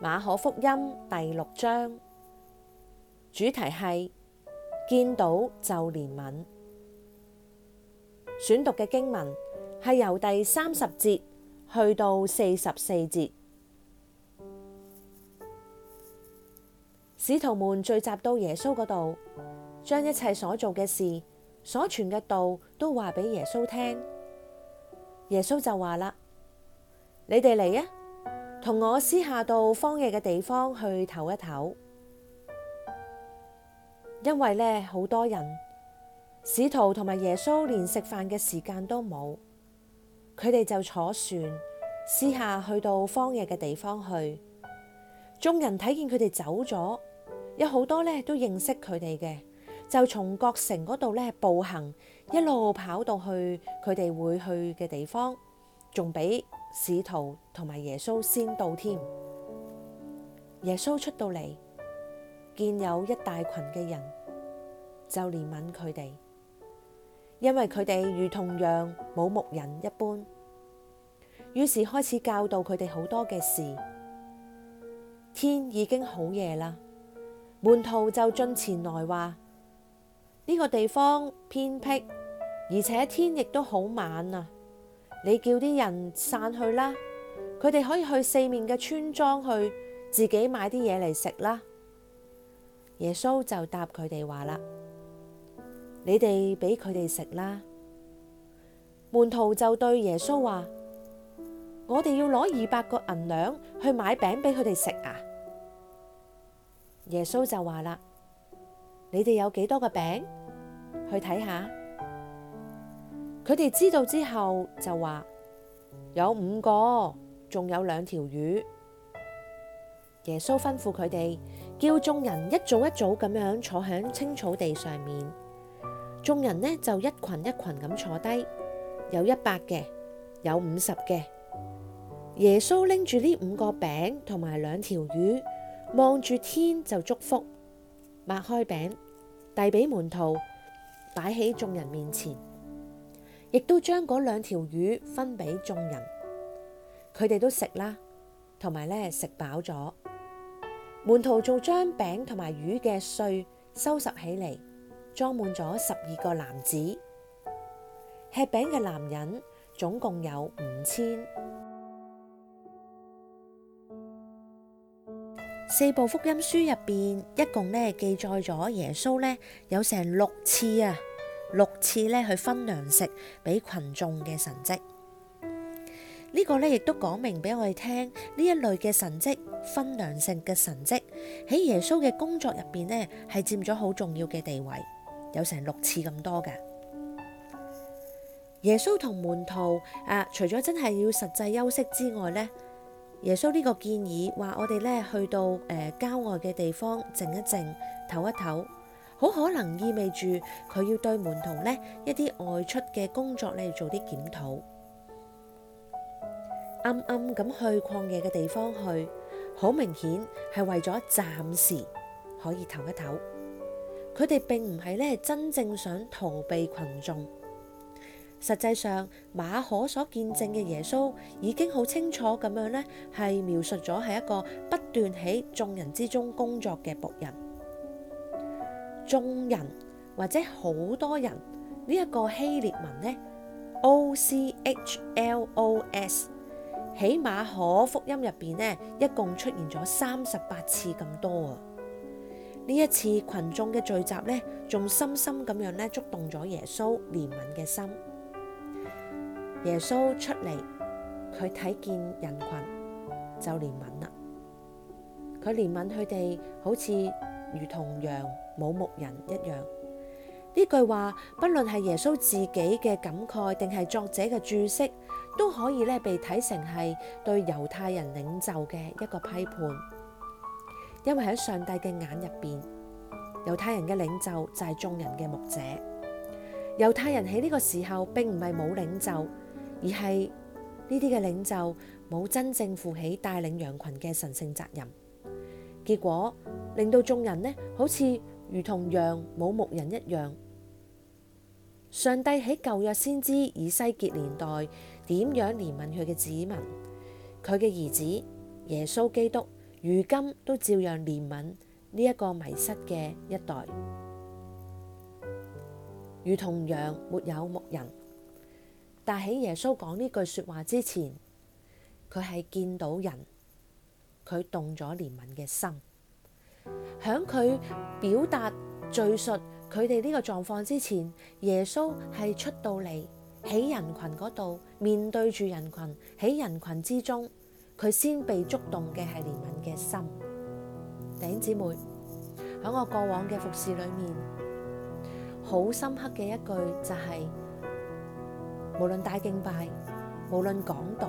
馬可福音第六章，主題係見到就憐憫。選讀嘅經文係由第三十節去到四十四節。使徒們聚集到耶穌嗰度，將一切所做嘅事，所傳嘅道都話俾耶穌聽。耶穌就話啦：你哋嚟啊！同我私下到荒野嘅地方去唞一唞，因為咧，好多人，使徒同埋耶穌連食飯嘅時間都冇，佢哋就坐船私下去到荒野嘅地方去。眾人睇見佢哋走咗，有好多咧都認識佢哋嘅，就從各城嗰度咧步行，一路跑到去佢哋會去嘅地方，仲比。使徒同埋耶穌先到添。耶穌出到嚟，見有一大群嘅人，就憐憫佢哋，因為佢哋如同羊冇牧人一般，於是開始教導佢哋好多嘅事。天已經好夜啦，門徒就進前來話：呢個地方偏僻，而且天亦都好晚啊！你叫啲人散去啦，佢哋可以去四面嘅村莊去自己買啲嘢嚟食啦。耶穌就答佢哋話啦，你哋俾佢哋食啦。門徒就對耶穌話：我哋要攞二百個銀兩去買餅俾佢哋食啊。耶穌就話啦：你哋有幾多個餅？去睇下。佢哋知道之後就話有五個，仲有兩條魚。耶穌吩咐佢哋叫眾人一早一早咁樣坐喺青草地上面。眾人呢就一群一群咁坐低，有一百嘅，有五十嘅。耶穌拎住呢五個餅同埋兩條魚，望住天就祝福，擘開餅遞俾門徒，擺喺眾人面前。亦都將嗰兩條魚分俾眾人，佢哋都食啦，同埋咧食飽咗，門徒仲將餅同埋魚嘅碎，收拾起嚟，裝滿咗十二個籃子。吃餅嘅男人總共有五千。四部福音書入邊，一共咧記載咗耶穌咧有成六次啊。六次咧去分糧食俾群眾嘅神蹟，呢、這個咧亦都講明俾我哋聽，呢一類嘅神蹟分糧食嘅神蹟喺耶穌嘅工作入邊咧係佔咗好重要嘅地位，有成六次咁多嘅。耶穌同門徒啊，除咗真係要實際休息之外呢，耶穌呢個建議話我哋咧去到誒、呃、郊外嘅地方靜一靜，唞一唞。好可能意味住佢要對門徒呢一啲外出嘅工作呢做啲檢討，暗暗咁去曠野嘅地方去，好明顯係為咗暫時可以唞一唞。佢哋並唔係呢真正想逃避群眾，實際上馬可所見證嘅耶穌已經好清楚咁樣呢係描述咗係一個不斷喺眾人之中工作嘅僕人。眾人或者好多人呢，一個希列文呢，O C H L O S，喺馬可福音入邊呢一共出現咗三十八次咁多啊！呢一次群眾嘅聚集呢，仲深深咁樣呢觸動咗耶穌憐憫嘅心。耶穌出嚟，佢睇見人群就憐憫啦。佢憐憫佢哋，好似，如同羊冇牧人一樣，呢句話不論係耶穌自己嘅感慨，定係作者嘅注釋，都可以咧被睇成係對猶太人領袖嘅一個批判。因為喺上帝嘅眼入邊，猶太人嘅領袖就係眾人嘅牧者。猶太人喺呢個時候並唔係冇領袖，而係呢啲嘅領袖冇真正負起帶領羊群嘅神聖責任。結果令到眾人呢，好似如同羊冇牧人一樣。上帝喺舊約先知以西結年代點樣憐憫佢嘅子民，佢嘅兒子耶穌基督如今都照樣憐憫呢一個迷失嘅一代，如同羊沒有牧人。但喺耶穌講呢句說話之前，佢係見到人。佢動咗憐憫嘅心，喺佢表達敘述佢哋呢個狀況之前，耶穌係出到嚟，喺人群嗰度，面對住人群喺人群之中，佢先被觸動嘅係憐憫嘅心。弟兄姊妹，喺我過往嘅服侍裏面，好深刻嘅一句就係，無論大敬拜，無論講道。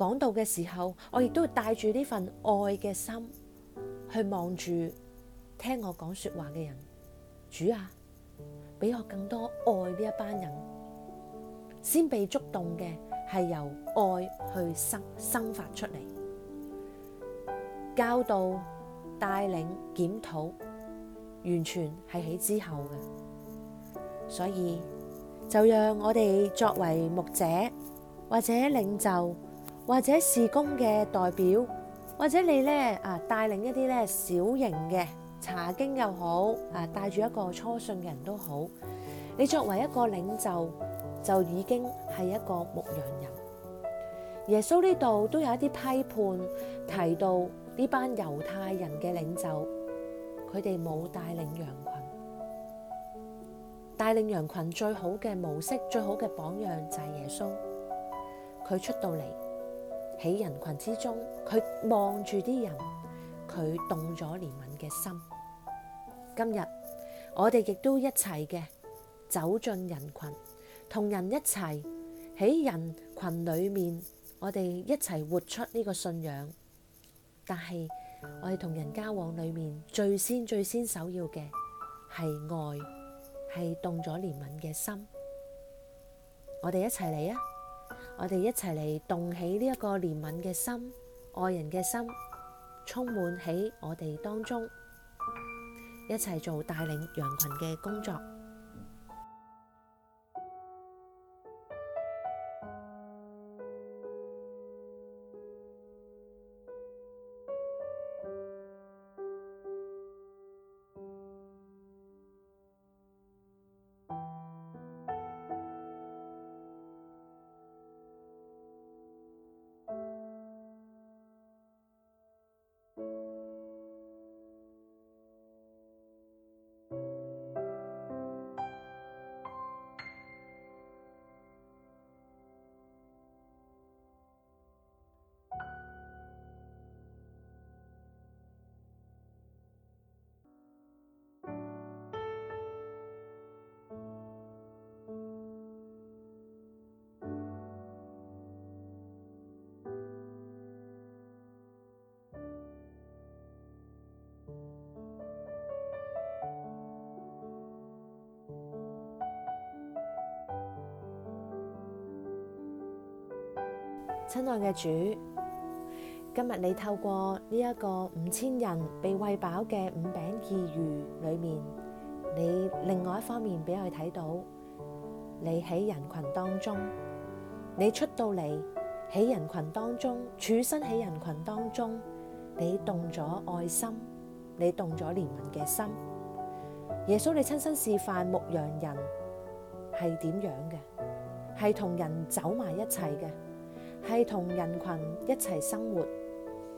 講道嘅時候，我亦都帶住呢份愛嘅心去望住聽我講說話嘅人。主啊，俾我更多愛呢一班人，先被觸動嘅係由愛去生生發出嚟，教導、帶領、檢討，完全係喺之後嘅。所以就讓我哋作為牧者或者領袖。或者事工嘅代表，或者你呢，啊帶領一啲呢小型嘅查經又好啊，帶住一個初信嘅人都好。你作為一個領袖就已經係一個牧羊人。耶穌呢度都有一啲批判提到呢班猶太人嘅領袖，佢哋冇帶領羊群。帶領羊群最好嘅模式，最好嘅榜樣就係耶穌，佢出到嚟。喺人群之中，佢望住啲人，佢動咗憐憫嘅心。今日我哋亦都一齊嘅走進人群，同人一齊喺人群裏面，我哋一齊活出呢個信仰。但係我哋同人交往裏面，最先最先首要嘅係愛，係動咗憐憫嘅心。我哋一齊嚟啊！我哋一齊嚟，動起呢一個憐憫嘅心、愛人嘅心，充滿喺我哋當中，一齊做帶領羊群嘅工作。親愛嘅主，今日你透過呢一個五千人被餵飽嘅五餅二魚裏面，你另外一方面俾佢睇到，你喺人群當中，你出到嚟，喺人群當中，處身喺人群當中，你動咗愛心，你動咗憐憫嘅心。耶穌，你親身示範牧羊人係點樣嘅，係同人走埋一齊嘅。係同人群一齊生活，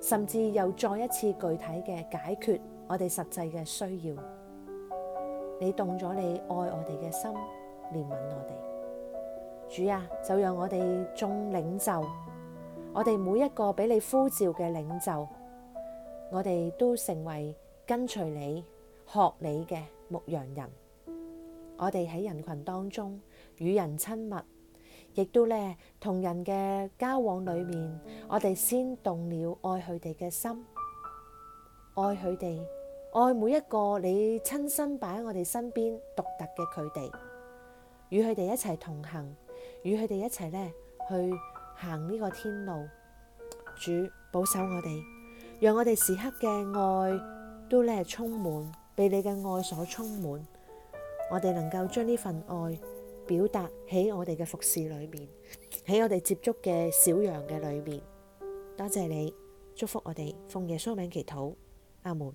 甚至又再一次具體嘅解決我哋實際嘅需要。你動咗你愛我哋嘅心，憐憫我哋，主啊，就讓我哋眾領袖，我哋每一個俾你呼召嘅領袖，我哋都成為跟隨你、學你嘅牧羊人。我哋喺人群當中與人親密。亦都咧，同人嘅交往裏面，我哋先動了愛佢哋嘅心，愛佢哋，愛每一個你親身擺喺我哋身邊獨特嘅佢哋，與佢哋一齊同行，與佢哋一齊咧去行呢個天路。主保守我哋，讓我哋時刻嘅愛都咧充滿，被你嘅愛所充滿，我哋能夠將呢份愛。表達喺我哋嘅服侍裏面，喺我哋接觸嘅小羊嘅裏面，多謝你，祝福我哋，奉耶穌名祈禱，阿門。